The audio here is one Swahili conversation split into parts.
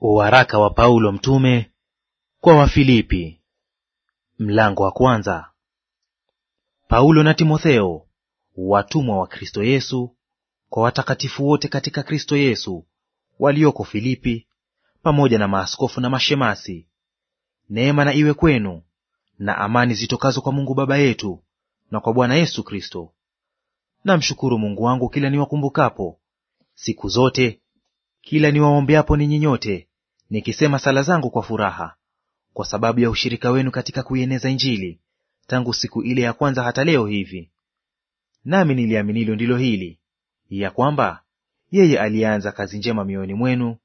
Waraka wa Paulo mtume kwa Wafilipi, mlango wa kwanza. Paulo na Timotheo, watumwa wa Kristo Yesu, kwa watakatifu wote katika Kristo Yesu walioko Filipi, pamoja na maaskofu na mashemasi: neema na iwe kwenu na amani zitokazo kwa Mungu Baba yetu na kwa Bwana Yesu Kristo. Namshukuru Mungu wangu kila niwakumbukapo, siku zote kila niwaombeapo ninyi nyote nikisema sala zangu kwa furaha kwa sababu ya ushirika wenu katika kuieneza Injili tangu siku ile ya kwanza hata leo hivi. Nami niliaminilo ndilo hili, ya kwamba yeye aliyeanza kazi njema mioyoni mwenu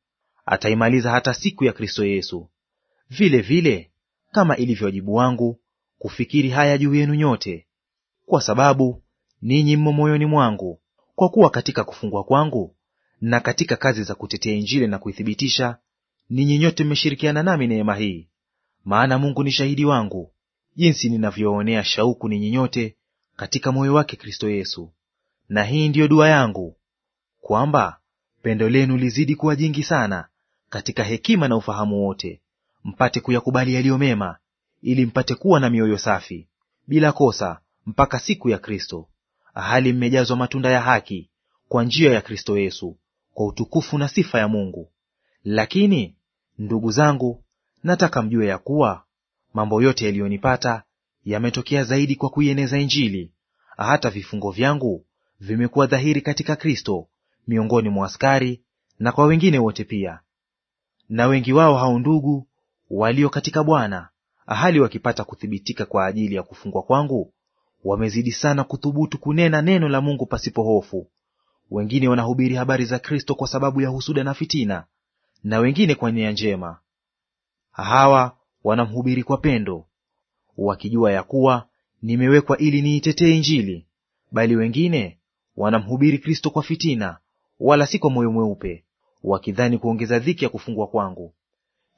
ataimaliza hata siku ya Kristo Yesu. Vile vile kama ilivyo wajibu wangu kufikiri haya juu yenu nyote, kwa sababu ninyi mmo moyoni mwangu, kwa kuwa katika kufungwa kwangu na katika kazi za kutetea Injili na kuithibitisha, ninyi nyote mmeshirikiana nami neema hii. Maana Mungu ni shahidi wangu jinsi ninavyoonea shauku ninyi nyote katika moyo wake Kristo Yesu. Na hii ndiyo dua yangu, kwamba pendo lenu lizidi kuwa jingi sana katika hekima na ufahamu wote, mpate kuyakubali yaliyo mema, ili mpate kuwa na mioyo safi bila kosa, mpaka siku ya Kristo, hali mmejazwa matunda ya haki kwa njia ya Kristo Yesu, kwa utukufu na sifa ya Mungu. Lakini Ndugu zangu, nataka mjue ya kuwa mambo yote yaliyonipata yametokea zaidi kwa kuieneza Injili, hata vifungo vyangu vimekuwa dhahiri katika Kristo miongoni mwa askari na kwa wengine wote pia. Na wengi wao hao ndugu walio katika Bwana, hali wakipata kuthibitika kwa ajili ya kufungwa kwangu, wamezidi sana kuthubutu kunena neno la Mungu pasipo hofu. Wengine wanahubiri habari za Kristo kwa sababu ya husuda na fitina, na wengine kwa nia njema. Hawa wanamhubiri kwa pendo, wakijua ya kuwa nimewekwa ili niitetee Injili. Bali wengine wanamhubiri Kristo kwa fitina, wala si kwa moyo mweupe, wakidhani kuongeza dhiki ya kufungwa kwangu.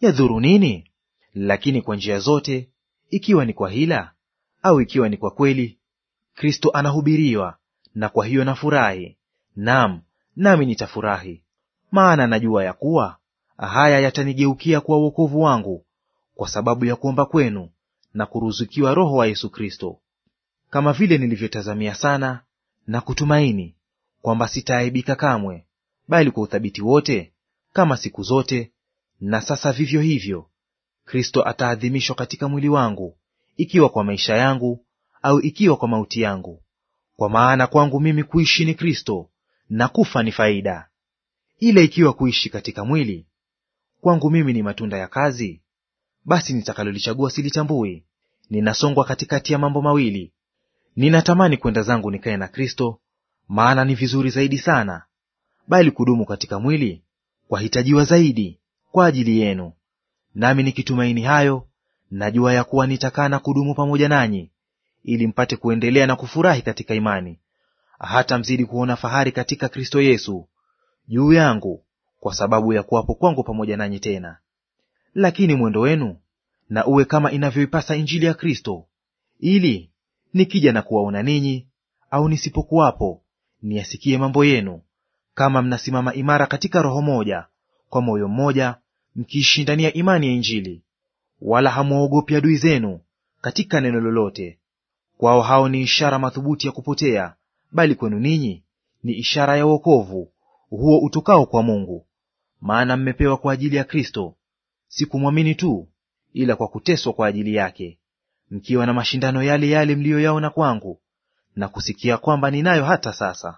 Yadhuru nini? Lakini kwa njia zote, ikiwa ni kwa hila au ikiwa ni kwa kweli, Kristo anahubiriwa, na kwa hiyo nafurahi; naam, nami nitafurahi, maana najua ya kuwa haya yatanigeukia kwa wokovu wangu kwa sababu ya kuomba kwenu na kuruzukiwa Roho wa Yesu Kristo, kama vile nilivyotazamia sana na kutumaini kwamba sitaaibika kamwe, bali kwa uthabiti wote, kama siku zote na sasa vivyo hivyo, Kristo ataadhimishwa katika mwili wangu, ikiwa kwa maisha yangu au ikiwa kwa mauti yangu. Kwa maana kwangu mimi kuishi ni Kristo, na kufa ni faida. Ila ikiwa kuishi katika mwili Kwangu mimi ni matunda ya kazi, basi nitakalolichagua silitambui. Ninasongwa katikati ya mambo mawili. Ninatamani kwenda zangu nikae na Kristo, maana ni vizuri zaidi sana, bali kudumu katika mwili kwahitajiwa zaidi kwa ajili yenu. Nami nikitumaini hayo, najua ya kuwa nitakaa na kudumu pamoja nanyi, ili mpate kuendelea na kufurahi katika imani, hata mzidi kuona fahari katika Kristo Yesu. Juu yangu kwa sababu ya kuwapo kwangu pamoja nanyi tena. Lakini mwendo wenu na uwe kama inavyoipasa Injili ya Kristo, ili nikija na kuwaona ninyi au nisipokuwapo, niyasikie mambo yenu, kama mnasimama imara katika roho moja, kwa moyo mmoja, mkiishindania imani ya Injili, wala hamwaogopi adui zenu katika neno lolote. Kwao hao ni ishara madhubuti ya kupotea, bali kwenu ninyi ni ishara ya wokovu huo utokao kwa Mungu maana mmepewa kwa ajili ya Kristo, si kumwamini tu, ila kwa kuteswa kwa ajili yake, mkiwa na mashindano yale yale mliyoyaona kwangu na kusikia kwamba ninayo hata sasa.